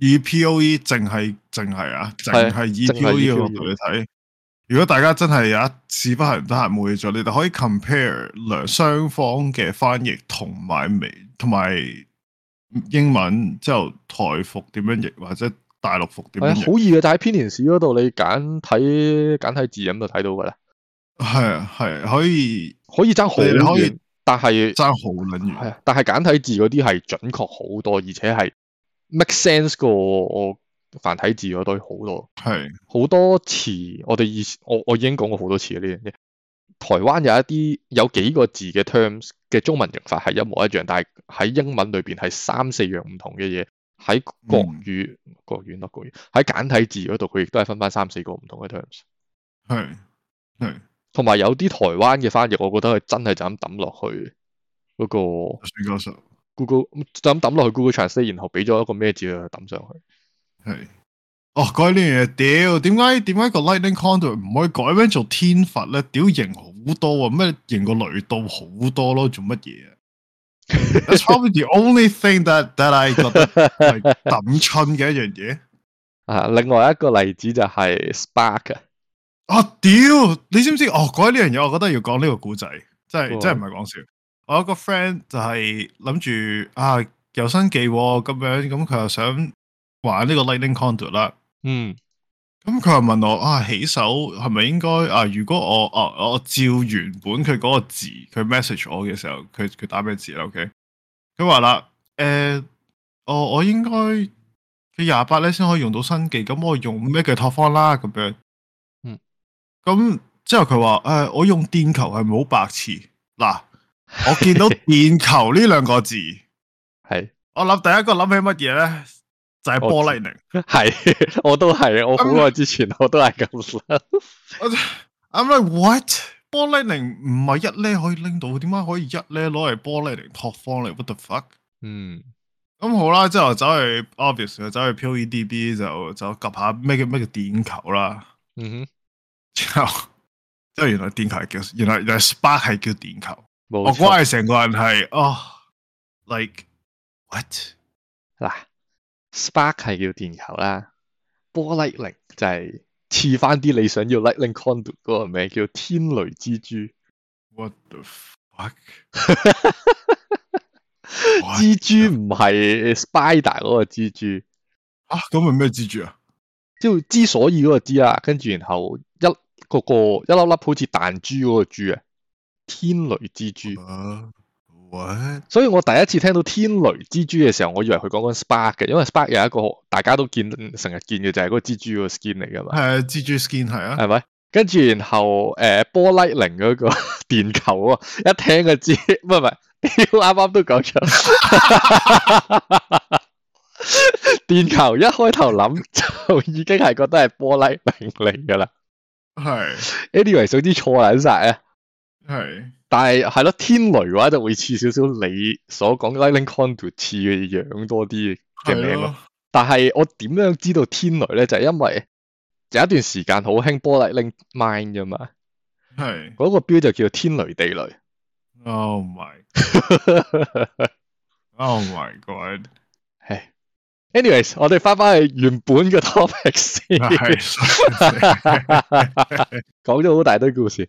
EPOE 淨係淨係啊，淨係 EPOE 同你睇。如果大家真係有一次不行唔得閒冇嘢做，你就可以 compare 兩雙方嘅翻譯同埋美同埋英文之後台服點樣譯或者大陸服點樣。係啊，好易嘅，就喺編年史嗰度，你簡體簡體字咁就睇到噶啦。係啊，係可以可以爭好遠，但係爭好遠。係啊，但係簡體字嗰啲係準確好多，而且係。make sense 過繁體字嗰堆好多係好多詞，我哋以前我我已經講過好多次呢樣嘢。台灣有一啲有幾個字嘅 terms 嘅中文譯法係一模一樣，但係喺英文裏邊係三四樣唔同嘅嘢。喺國語、嗯、國語、國語，喺簡體字嗰度，佢亦都係分翻三四個唔同嘅 terms。係係，同埋有啲台灣嘅翻譯，我覺得係真係就咁抌落去嗰、那個。Google 就咁抌落去 Google Translate，然後俾咗一個咩字去抌上去？係哦，改呢樣嘢，屌，點解點解個 Lightning Counter 唔可以改名做天罰咧？屌型好多啊，咩型個雷到好多咯，啊，做乜嘢啊 *laughs*？That's probably the only thing that that I 覺得係抌親嘅一樣嘢。啊，另外一個例子就係 Spark 啊！屌，你知唔知？哦，改呢樣嘢，我覺得要講呢個古仔，真係 *laughs* 真唔係講笑。我有一個 friend 就係諗住啊有新技咁、喔、樣，咁佢又想玩呢個 Lightning Conduit 啦。嗯，咁佢又問我啊，起手係咪應該啊？如果我啊我照原本佢嗰個字，佢 message 我嘅時候，佢佢打咩字啦？O K，佢話啦，誒、okay? 欸呃，我我應該佢廿八咧先可以用到新技，咁我用咩嘅托方啦？咁樣，嗯，咁之後佢話誒，我用電球係咪好白癡嗱。*laughs* 我見到電球呢兩個字，係我諗第一個諗起乜嘢咧？就係 Ball Lightning，係我,我都係，*laughs* 我好耐之前、um, 我都係咁諗。I'm like what？Ball Lightning 唔係一咧可以拎到，點解可以一咧攞嚟 Ball Lightning 拓方嚟？What the fuck？嗯，咁、嗯、好啦，之後走去 obvious，走去 PoEDB 就就及下咩叫咩叫電球啦。嗯哼，屌，即係原來電球係叫，原來 the Spark 係叫電球。我、哦、關係成個人係哦、oh,，like what 嗱，spark 係叫電球啦 ball lightning 就係似翻啲你想要 lightning conduct 嗰個名，叫天雷蜘蛛。What the fuck？*laughs* what? 蜘蛛唔係 spider 嗰、啊啊、個蜘蛛啊？咁係咩蜘蛛啊？即係之所以嗰個蜘蛛，跟住然後一個個一粒粒好似彈珠嗰個珠啊！天雷蜘蛛，喂、uh,！所以我第一次聽到天雷蜘蛛嘅時候，我以為佢講緊 Spark 嘅，因為 Spark 有一個大家都見成日見嘅就係、是、嗰個蜘蛛個 skin 嚟噶嘛。係、uh, 蜘蛛 skin 係啊，係咪？跟住然後誒，玻璃零嗰個電球啊，一聽就知，唔係唔係，啱啱都講出嚟。*laughs**laughs**laughs*電球一開頭諗就已經係覺得係玻璃零嚟噶啦。係、hey.，Anyway，總之錯捻晒啊！係，但係係咯，天雷嘅話就會似少少你所講 lightning conduct 似嘅樣多啲嘅名咯。係但係我點樣知道天雷咧？就係、因為有一段時間好興玻璃 lightning mind 噶嘛。係，嗰、嗰個標就叫做天雷地雷。Oh my，oh my God *laughs*。係、oh、<my God. 笑 >，anyways，我哋翻翻去原本嘅 topic 先、nice. *laughs*，*laughs* 講咗好大堆故事。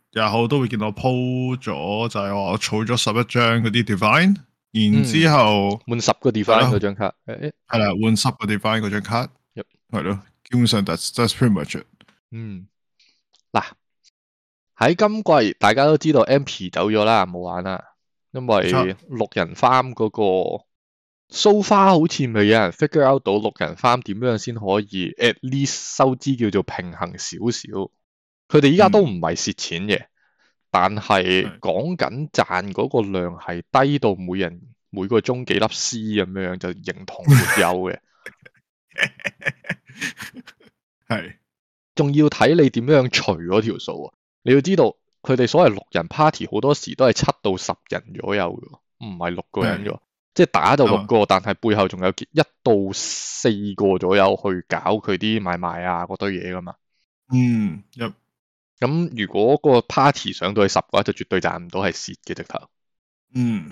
然後都會見到我鋪咗就係話我儲咗十一張嗰啲 divine，然之後、嗯、換十個 divine 嗰張卡，係啦，換十個 divine 嗰張卡，係咯、yep.，基本上 that's, that's pretty much、it. 嗯，嗱喺今季大家都知道 MP 走咗啦，冇玩啦，因為六人 farm 嗰、那個 so far、嗯，那個 so、好似未有人 figure out 到六人 farm 點樣先可以 at least 收支叫做平衡少少。佢哋依家都唔係蝕錢嘅、嗯，但係講緊賺嗰個量係低到每人每個鐘幾粒 C 咁樣，就認同沒有嘅。係、嗯，仲要睇你點樣除嗰條數啊！你要知道，佢哋所謂六人 party 好多時都係七到十人，人左右，唔係六個人喎。即係打就六個，嗯、但係背後仲有一到四個左右去搞佢啲買賣啊嗰堆嘢噶嘛。嗯，嗯咁如果個 party 上到去十嘅話，就絕對賺唔到係蝕嘅直頭。嗯，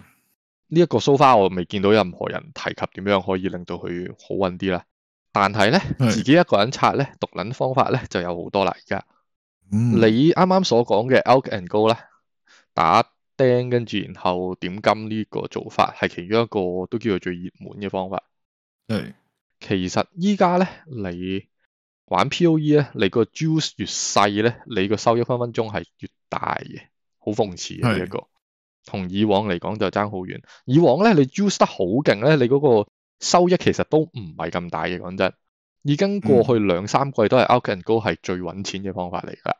呢一個 so far 我未見到任何人提及點樣可以令到佢好揾啲啦。但係咧，自己一個人拆咧，獨撚方法咧就有好多啦。而家你啱啱所講嘅 alt and go 咧，打釘跟住然後點金，呢個做法係其中一個都叫做最熱門嘅方法。係，其實依家咧你。玩 POE 咧，你個 juice 越細咧，你個收益分分鐘係越大嘅，好諷刺嘅一個。同以往嚟講就爭好遠。以往咧，你 juice 得好勁咧，你嗰個收益其實都唔係咁大嘅，講真。已經過去兩三季都係 Alken Go 係最揾錢嘅方法嚟㗎。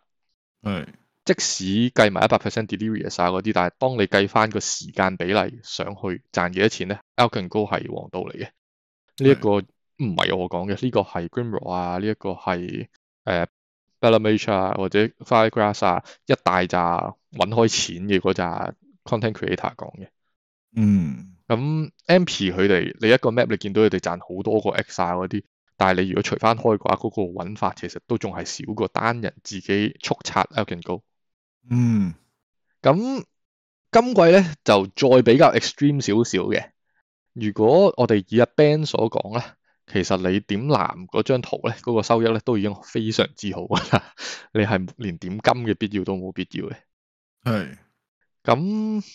係。即使計埋一百 percent delirious 啊嗰啲，但係當你計翻個時間比例上去賺幾多錢咧，Alken Go 係王道嚟嘅。呢一個。唔係我講嘅，呢、這個係 Grimro 啊，呢、這、一個係誒 Balormage 啊，或者 Firegrass 啊，一大扎揾開錢嘅嗰扎 content creator 講嘅。嗯、mm.，咁 Ampli 佢哋你一個 map 你見到佢哋賺好多個 XL 嗰啲，但係你如果除翻開嘅話，嗰、那個揾法其實都仲係少過單人自己速刷 o l t i n g go。嗯、mm.，咁今季咧就再比較 extreme 少少嘅。如果我哋以阿 Ben 所講咧。其實你點藍嗰張圖咧，嗰、那個收益咧都已經非常之好啦。*laughs* 你係連點金嘅必要都冇必要嘅。咁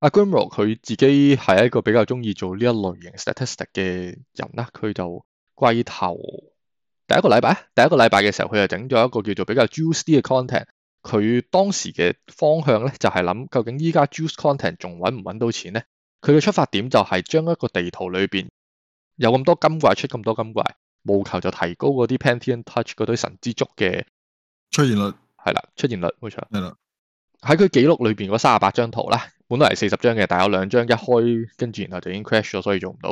阿 Grimlock 佢自己係一個比較中意做呢一類型 statistic 嘅人啦。佢就歸頭第一個禮拜，第一個禮拜嘅時候，佢就整咗一個叫做比較 juicy 嘅 content。佢當時嘅方向咧，就係、是、諗究竟依家 juicy content 仲揾唔揾到錢咧？佢嘅出發點就係將一個地圖裏面。有咁多金怪出咁多金怪，務求就提高嗰啲 Panty and Touch 嗰堆神之足嘅出現率，係啦，出現率冇錯。係啦，喺佢記錄裏邊嗰三十八張圖啦，本來係四十張嘅，但有兩張一開跟住然後就已經 crash 咗，所以做唔到。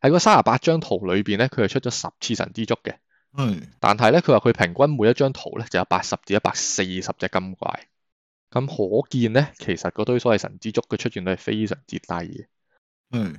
喺嗰三十八張圖裏邊咧，佢係出咗十次神之足嘅。嗯。但係咧，佢話佢平均每一張圖咧就有八十至一百四十隻金怪。咁可見咧，其實嗰堆所謂神之足嘅出現率係非常之低嘅。嗯。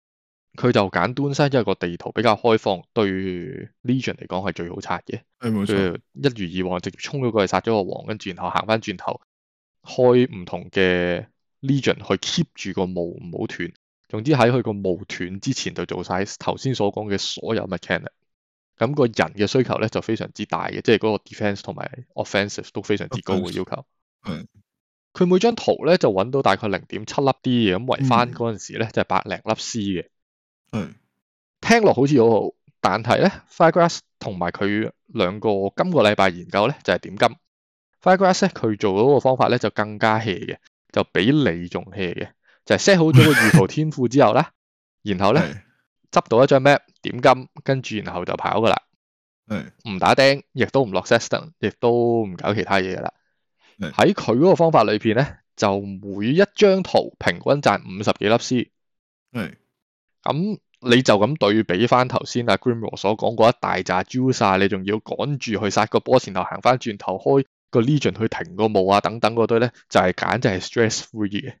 佢就揀東西，因為一個地圖比較開放，對於 Legion 嚟講係最好拆嘅。係，冇錯，一如以往，直接衝咗過去殺咗個王，跟住然後行翻轉頭，開唔同嘅 Legion 去 keep 住個冇唔好斷。總之喺佢個冇斷之前就做晒頭先所講嘅所有 mechanic。咁、嗰個人嘅需求咧就非常之大嘅，即係嗰個 defense 同埋 offensive 都非常之高嘅要求。佢、嗯、每張圖咧就揾到大概零點七粒 D 嘅，咁圍翻嗰陣時咧就係、是、百零粒 C 嘅。嗯，聽落好似好好，但係咧，Firegrass 同埋佢兩個今個禮拜研究咧就係、是、點金。Firegrass 咧佢做嗰個方法咧就更加 hea 嘅，就比你仲 hea 嘅，就 set、是、好咗個預圖天賦之後咧，*laughs* 然後咧執到一張 map 點金，跟住然後就跑噶啦。嗯，唔打釘，亦都唔落 set stun，亦都唔搞其他嘢噶啦。喺佢嗰個方法裏邊咧，就每一張圖平均賺五十幾粒 c。嗯。咁、嗯、你就咁對比翻頭先啊 Grimro 所講嗰一大扎招曬，你仲要趕住去殺個波前頭行翻轉頭開個 Legion 去停個霧啊，等等嗰堆咧就係、是、簡直係 stress free 嘅。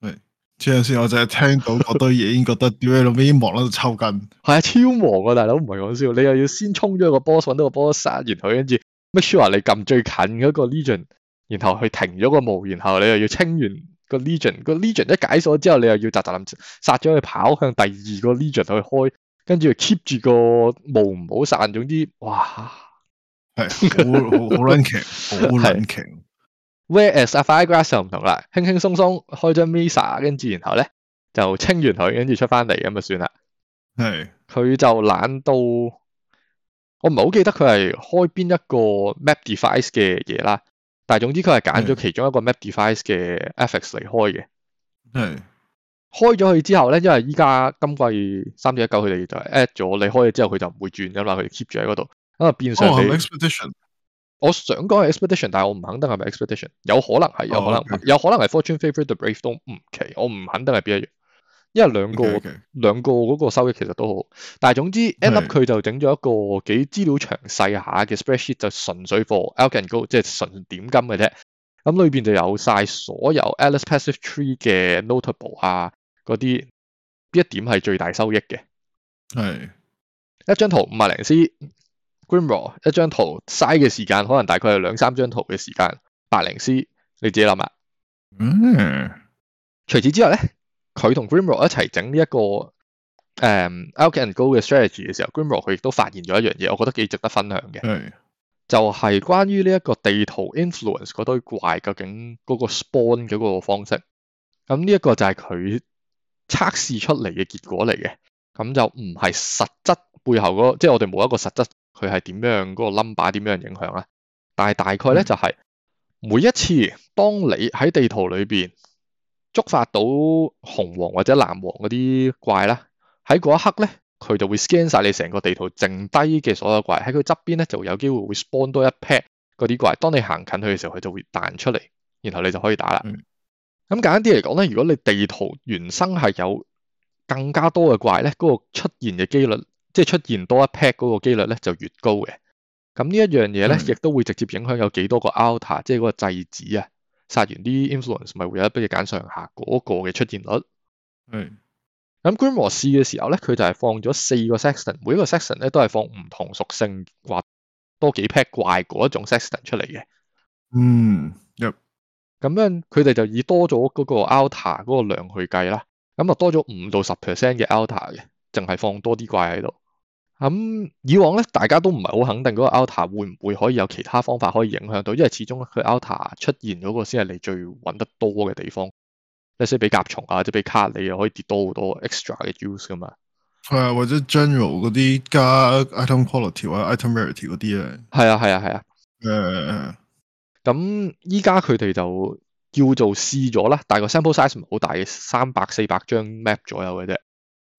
係，即係先，我就係聽到嗰堆嘢已經覺得 do 喺度咩忙度抽筋。係啊，超忙啊，大佬唔係講笑，你又要先衝咗個 boss 搵到個 boss 殺，然後跟住 make sure 你撳最近嗰個 Legion，然後去停咗個霧，然後你又要清完。那個 Legion 個 Legion 一解鎖之後，你又要雜雜諗殺咗去跑向第二個 Legion 去開，跟住 keep 住個霧唔好散。總之，哇，係好好撚勁，好撚勁 *laughs*。Whereas firegrass 就唔同啦，輕輕鬆鬆開張 Mesa，跟住然後咧就清完佢，跟住出翻嚟咁就算啦。係佢就懶到，我唔係好記得佢係開邊一個 map device 嘅嘢啦。但係總之佢係揀咗其中一個 Map Device 嘅 Effect 嚟開嘅，係開咗佢之後咧，因為依家今季三月一九佢哋就 add 咗，你開咗之後佢就唔會轉咁啦，佢 keep 住喺嗰度，咁啊變相你、oh, Expedition。我想講係 Expedition，但係我唔肯定係咪 Expedition，有可能係，有可能，有可能係、oh, okay. Fortune Favours the Brave 都唔奇，我唔肯定係邊一樣。因為兩個 okay, okay. 兩個嗰個收益其實都好，但係總之 end up 佢就整咗一個幾資料詳細下嘅 spreadsheet，就純粹貨 alch and go 即係純點金嘅啫。咁裏邊就有晒所有 Atlas passive tree 嘅 notable 啊，嗰啲呢一點係最大收益嘅？係一張圖五啊零 c Grimoire 一張圖嘥嘅時間可能大概係兩三張圖嘅時間，八零 c，你自己諗下。嗯、mm.，除此之外咧？佢同 Grimro 一齊整呢一個誒、嗯、Alch and Go 嘅 strategy 嘅時候 Grimro 佢亦都發現咗一樣嘢，我覺得幾值得分享嘅。就係、是、關於呢一個地圖 influence 嗰堆怪究竟嗰個 spawn 嘅嗰個方式。咁呢一個就係佢測試出嚟嘅結果嚟嘅。咁就唔係實質背後嗰，即、就、係、是、我哋冇一個實質佢係點樣嗰、那個 number 點樣影響啦。但係大概咧就係每一次當你喺地圖裏邊。觸發到紅王或者藍王嗰啲怪啦，喺嗰一刻咧，佢就會 scan 晒你成個地圖，剩低嘅所有怪喺佢側邊咧，在旁邊就有機會會 spawn 多一 pack 嗰啲怪。當你行近佢嘅時候，佢就會彈出嚟，然後你就可以打啦。咁、嗯、簡單啲嚟講咧，如果你地圖原生係有更加多嘅怪咧，嗰、那個出現嘅機率，即、就、係、是、出現多一 pack 嗰個機率咧，就越高嘅。咁呢一樣嘢咧，亦都會直接影響有幾多個 altar，即係嗰個制止啊。殺完啲 influence 咪會有一筆嘅揀上下嗰個嘅出現率。嗯。咁 Grim 試嘅時候咧，佢就係放咗四個 section，每一個 section 咧都係放唔同屬性或多幾 pack 怪嗰一種 section 出嚟嘅。嗯。Yep。咁樣佢哋就以多咗嗰個 alter 嗰個量去計啦。咁啊多咗五到十 percent 嘅 alter 嘅，淨係放多啲怪喺度。咁、嗯、以往咧，大家都唔係好肯定嗰個 Altar 會唔會可以有其他方法可以影響到，因為始終佢 Altar 出現嗰個先係你最揾得多嘅地方，一些比甲蟲啊，或者比卡你又可以跌多好多 extra 嘅 use 噶嘛。係啊，或者 general 嗰啲加 item quality 或者 item rarity 嗰啲咧。係啊，係啊，係啊。誒、嗯，咁依家佢哋就叫做試咗啦，但係個 sample size 唔好大嘅，三百四百張 map 左右嘅啫。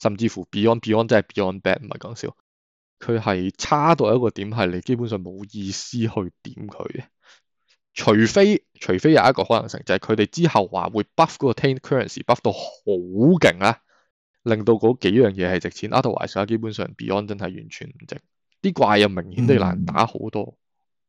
甚至乎 Beyond Beyond 真係 Beyond Bad 唔係講笑，佢係差到一個點係你基本上冇意思去點佢嘅，除非除非有一個可能性就係佢哋之後話會 Buff 嗰個 Tainted Currency Buff 到好勁啊，令到嗰幾樣嘢係值錢。Otherwise，基本上 Beyond 真係完全唔值，啲怪又明顯地難打好多。嗯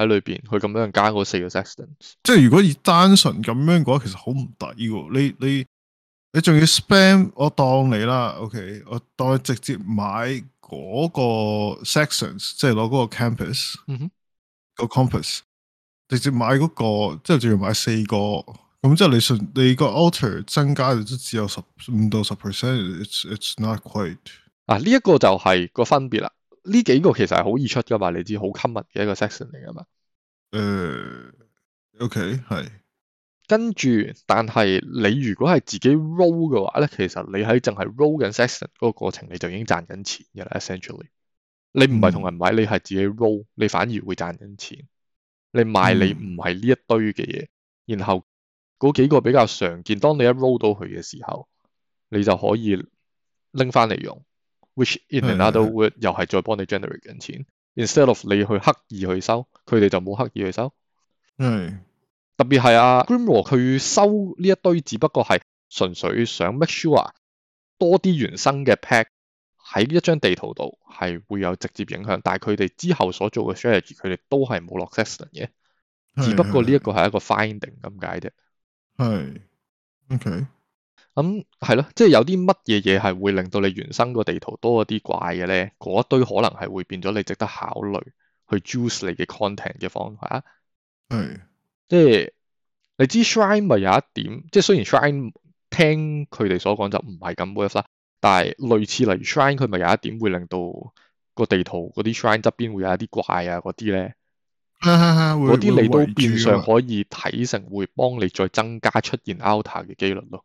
喺裏邊，佢咁樣加嗰四個 sections，即係如果以單純咁樣嘅話，其實好唔抵。你你你仲要 spam，我當你啦，OK，我當你直接買嗰個 sections，即係攞嗰個 campus、嗯嗰個 compass，直接買嗰、嗰個，即係仲要買四個，咁即係你信你個 alter 增加都只有十五到十 percent，it's it's not quite。啊，呢、這、一個就係個分別啦。呢幾個其實係好易出㗎嘛，你知好 common 嘅一個 section 嚟㗎嘛。誒、uh，OK，係、yes。跟住，但係你如果係自己 roll 嘅話咧，其實你喺淨係 roll 緊 section 嗰個過程，你就已經賺緊錢嘅啦。Essentially，你唔係同人買，你係自己 roll，你反而會賺緊錢。你買你唔係呢一堆嘅嘢、嗯，然後嗰幾個比較常見，當你一 roll 到佢嘅時候，你就可以拎翻嚟用。Which in another word 是是是又係再幫你 generate 緊錢是是是，instead of 你去刻意去收，佢哋就冇刻意去收。係特別係啊 Grimm 和佢收呢一堆，只不過係純粹想 make sure 多啲原生嘅 pack 喺一張地圖度係會有直接影響，但係佢哋之後所做嘅 strategy 佢哋都係冇落 session 嘅，只不過呢一個係一個 finding 咁解啫。係，OK。咁係咯，即係有啲乜嘢嘢係會令到你原生個地圖多一啲怪嘅咧？嗰一堆可能係會變咗你值得考慮去 juice 你嘅 content 嘅方法。係，即係你知 shrine 咪有一點，即係雖然 shrine 聽佢哋所講就唔係咁，but i 但係類似例如 shrine 佢咪有一點會令到個地圖嗰啲 shrine 側邊會有一啲怪啊嗰啲咧。嗰 *laughs* 啲你都變相可以睇成會幫你再增加出現 altar 嘅機率咯。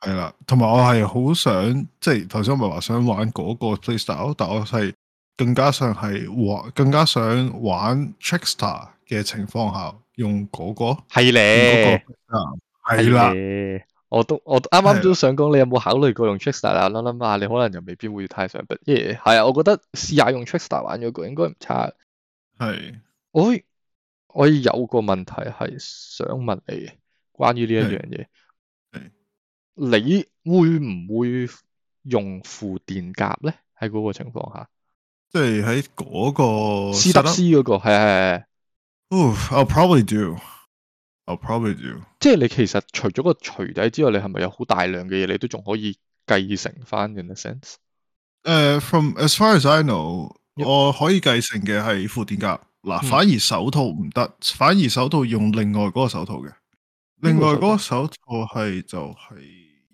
係啦，同埋我係好想，即係頭先咪話想玩嗰個 Playstar，但我係更加想係玩，更加想玩 Trickster 嘅情況下用嗰、那個。係咧，係啦，我都我啱啱都想講，你有冇考慮過用 Trickster 啊？諗諗下，你可能又未必會太想，但係，係啊，我覺得試下用 Trickster 玩嗰個應該唔差。係，我我有個問題係想問你嘅，關於呢一樣嘢。你會唔會用負電夾咧？喺嗰個情況下，即係喺嗰個 CWC 嗰 *noise*、嗰個係係係。Oof, I'll probably do. I'll probably do。即係你其實除咗個錘底之外，你係咪有好大量嘅嘢你都仲可以繼承返？In a sense、uh,。誒，From as far as I know，、yep. 我可以繼承嘅係負電夾。嗱、嗯，反而手套唔得，反而手套用另外嗰個手套嘅。另外嗰個手套係就係。*noise*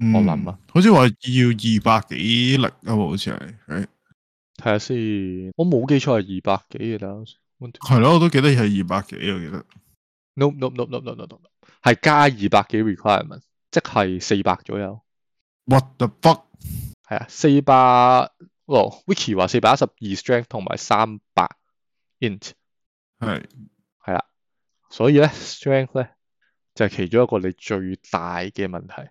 我諗啊、嗯，好似話要二百幾力啊，好似係，係，睇下先，我冇記錯係二百幾嘅，但係，咯、啊，我都記得係二百幾，我記得。No、nope, no、nope, no、nope, no、nope, no、nope, no、nope, no，、nope, 係加二百幾 requirement，即係四百左右。What the fuck？係啊，四 400... 百、oh,，哦，Wiki 話四百一十二 strength 同埋三百 int，係，係啦，所以咧，strength 咧就係、是、其中一個你最大嘅問題。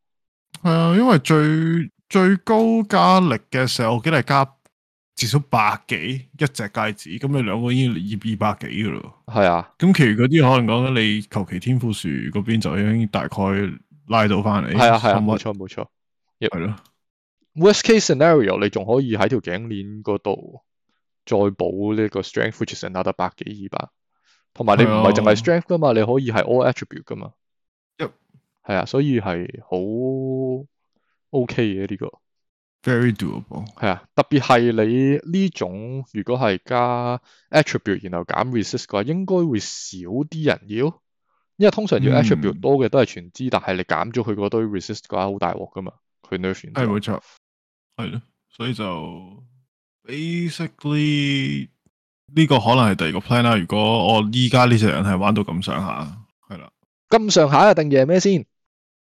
係啊，因為最最高加力嘅時候，我記得係加至少百幾一隻戒指，咁你兩個已經二二百幾噶咯。係啊，咁其餘嗰啲可能講緊你求其天賦樹嗰邊就已經大概拉到翻嚟。係啊係啊，冇錯冇錯。worst、啊、case scenario，你仲可以喺條頸鏈嗰度再補呢個 strength，which is another 百幾二百。同埋你唔係淨係 strength 噶嘛、啊，你可以係 all attribute 噶嘛。係啊，所以係好 OK 嘅呢、這個，very doable。係啊，特別係你呢種如果係加 attribute 然後減 resist 嘅話，應該會少啲人要，因為通常要 attribute 多嘅都係全資，嗯、但係你減咗佢嗰堆 resist 嘅話，好大鑊噶嘛，佢 nursing 係冇錯，係、哎、咯，所以就 basically 呢個可能係第二個 plan 啦。如果我依家呢隻人係玩到咁上下，係啦，咁上下一定贏咩先？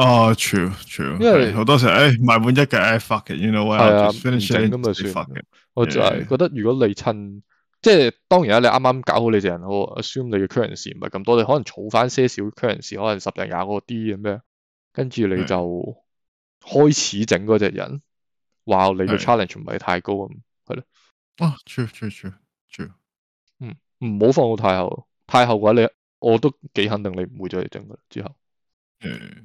哦、oh,，true true，因為好多時誒、哎、買滿一嘅誒、哎、fuck it，you know why? 係啊，整咁就算。It, 我就係覺得如果你趁 yeah, 即係、yeah, 當然啦、啊，你啱啱搞好你隻人，我 assume 你嘅 currency 唔係咁多，你可能儲翻些少 currency 可能十零廿個 D 咁樣，跟住你就 yeah, 開始整嗰隻人。Yeah, 哇，你嘅 challenge 唔係太高咁，係、yeah, 咯？啊，true true true true，嗯，唔好放到太後，太後嘅話你我都幾肯定你唔會再嚟整㗎之後。嗯、yeah,。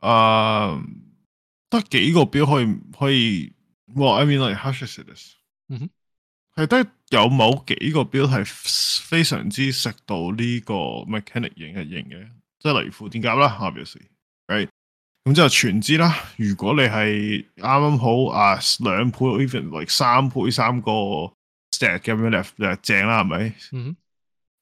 誒，得幾個表可以可以？我、well, I mean like hashes 呢啲，嗯哼，係得有冇幾個表係非常之食到呢個 mechanic 型一型嘅，即係例如副電甲啦，obviously，係，咁之後全知啦。如果你係啱啱好啊兩倍，even like 三倍三個 stack 咁樣咧就正啦，係咪？Mm-hmm. right?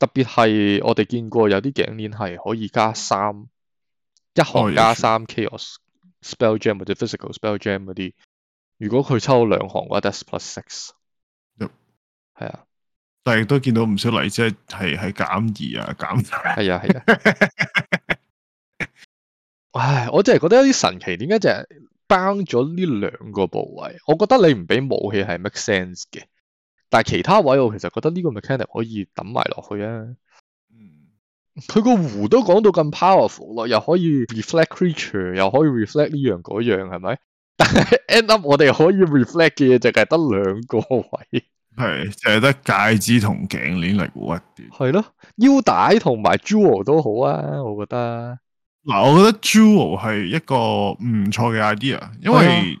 特別係我哋見過有啲頸鏈係可以加三一行加三 chaos spell gem 或者 physical spell gem 嗰啲，如果佢抽兩行嘅話，得 plus six。係啊，但係亦都見到唔少例子係喺減二啊，減二係啊係啊。啊啊 *laughs* 唉，我真係覺得有啲神奇，點解就係包咗呢兩個部位？我覺得你唔俾武器係 make sense 嘅。但係其他位，我其實覺得呢個 mechanic 可以抌埋落去啊！嗯，佢個湖都講到咁 powerful 咯，又可以 reflect creature，又可以 reflect 呢樣嗰樣，係咪？但係 end up 我哋可以 reflect 嘅嘢，就係得兩個位，係淨係得戒指同頸鏈嚟，一啲。係咯、啊，腰帶同埋 jewel 都好啊，我覺得。嗱，我覺得 jewel 係一個唔錯嘅 idea，因為。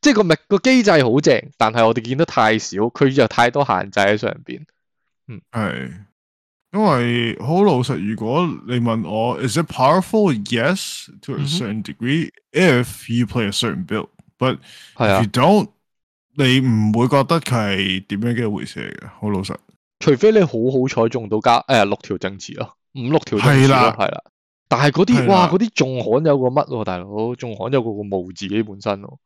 即係個密個機制好正，但係我哋見得太少，佢就太多限制喺上邊。嗯，係，因為好老實，如果你問我，Is it powerful? Yes, to a certain degree. If you play a certain build, but if you don't、啊、你唔會覺得佢係點樣嘅回事嚟嘅。好老實，除非你好好彩中到加誒、哎、六條政治咯，五六條係啦係啦，但係嗰啲哇，嗰啲仲罕有個乜咯、啊，大佬仲罕有個個冇自己本身咯、啊。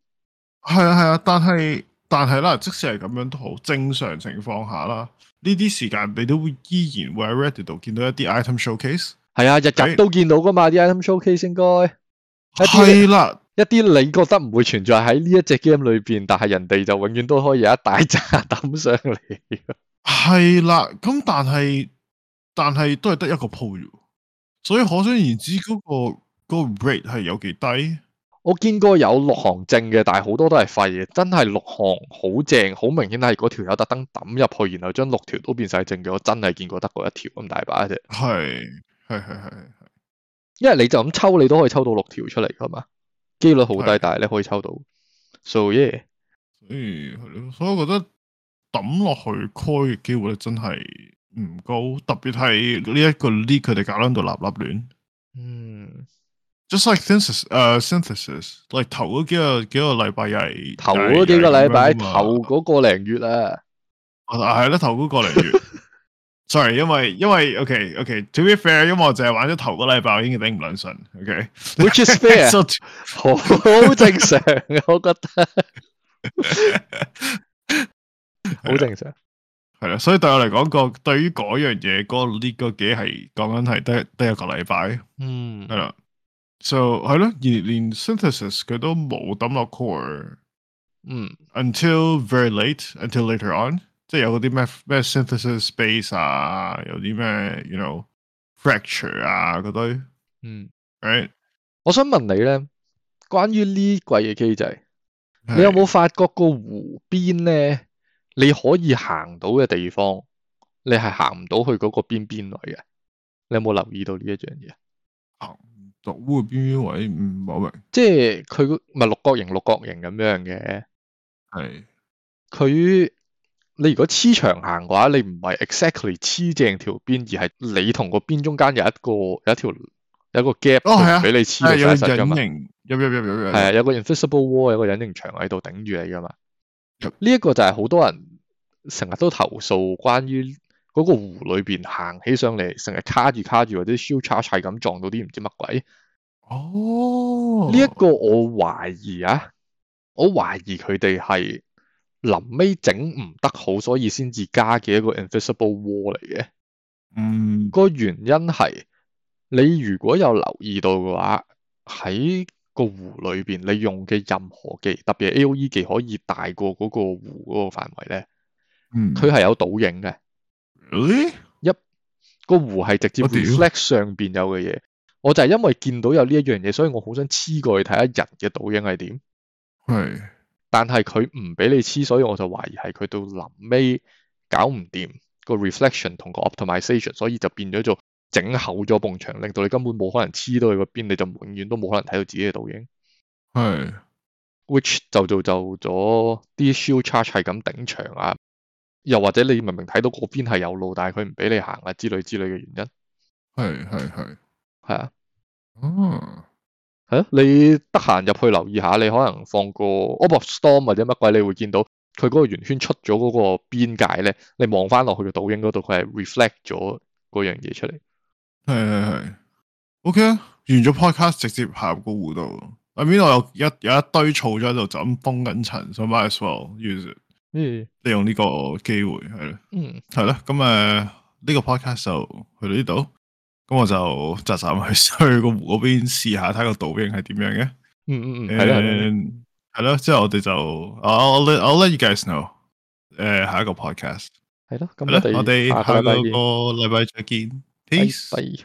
係啊係啊，但係但係啦，即使係咁樣都好，正常情況下啦，呢啲時間你都會依然會喺 Reddit 度見到一啲 item showcase。係啊，日日都見到噶嘛啲 item showcase 應該。係啦，啊，一啲你覺得唔會存在喺呢一隻 game 裏邊，但係人哋就永遠都可以有一大扎抌上嚟。係啦，啊，咁但係但係都係得一個鋪所以可想而知嗰個嗰 rate 係有幾低。我見過有六行正嘅，但係好多都係廢嘅。真係六行好正，好明顯係嗰條友特登抌入去，然後將六條都變晒正嘅。我真係見過得嗰一條咁大把啫，係係係係係，因為你就咁抽，你都可以抽到六條出嚟㗎嘛。幾率好低，但係你可以抽到。So yeah，所以係咯，所以我覺得抌落去開嘅機會真係唔高，特別係呢一個 lead 佢哋搞到度立立亂。嗯。just like synthesis，誒、uh, synthesis，like 頭嗰幾個幾個禮拜，又係頭嗰幾個禮拜，頭嗰個零月啊。係啦頭嗰個零月，sorry，因為因為 OK OK，to okay, be fair，因為我淨係玩咗頭個禮拜已經頂唔兩順，OK，which、okay? is fair，*laughs* so, *laughs*好正常，*laughs* 我覺得*laughs**laughs*好正常，係 *laughs* 啦。所以對我嚟講，個對於嗰樣嘢嗰呢個幾係講緊係得得一個禮拜，嗯，係啦。So，係咯，連連 synthesis 佢都冇抌落 core，嗯，until very late，until later on，即係有嗰啲咩咩 synthesis base 啊，有啲咩，you know，fracture 啊嗰堆，嗯，right? 我想問你咧，關於呢季嘅機制，你有冇發覺個湖邊咧，你可以行到嘅地方，你係行唔到去嗰個邊邊裏嘅？你有冇留意到呢一樣嘢？Oh. 獨屋嘅邊邊位唔好、我、明，即係佢咪六角形六角形咁樣嘅。係佢，你如果黐牆行嘅話，你唔係 exactly 黐正條邊，而係你同個邊中間有一個有一條、哦啊啊、有個 gap 俾你黐嘅。有隱形，係啊，有個 invisible wall，有個隱形牆喺度頂住你噶嘛。呢一、呢個就係好多人成日都投訴關於。嗰個湖裏邊行起上嚟，成日卡住卡住，或者 charge 差咁撞到啲唔知乜鬼。哦，呢一個我懷疑啊，我懷疑佢哋係臨尾整唔得好，所以先至加嘅一個 invisible wall 嚟嘅。嗯，個原因係你如果有留意到嘅話，喺個湖裏邊，你用嘅任何技，特別 A O E 技可以大過嗰個湖嗰個範圍咧。嗯，佢係有倒影嘅。誒，一個湖係直接 reflect 上邊有嘅嘢，oh, 我就係因為見到有呢一樣嘢，所以我好想黐過去睇下人嘅倒影係點。係、hey.，但係佢唔俾你黐，所以我就懷疑係佢到臨尾搞唔掂個 reflection 同個 optimization，所以就變咗做整厚咗埲牆，令到你根本冇可能黐到去個邊，你就永遠都冇可能睇到自己嘅倒影。係、hey.，which 就做就咗啲 shield charge 係咁頂牆啊。又或者你明明睇到嗰邊係有路，但係佢唔俾你行啊，之類之類嘅原因，係係係係啊，哦、啊，吓、啊、你得閒入去留意下，你可能放個 Orb of Storms 或者乜鬼，你會見到佢嗰個圓圈出咗嗰個邊界咧，你望翻落去嘅倒影嗰度，佢係 reflect 咗嗰樣嘢出嚟，係係係，OK 啊，完咗 podcast 直接行個湖度，啊邊度有一有一堆草喺度，就咁封緊塵，so might as well use it。嗯，利用呢個機會係咯，嗯，係咯，咁誒呢個 podcast 就去到呢度，咁我就集集去衰個湖嗰邊試下，睇個倒影係點樣嘅，嗯嗯嗯，係啦，係咯，之後我哋就我我我 I'll let you guys know。誒下一個 podcast，係咯，咁、嗯、我哋下個禮拜再見，peace。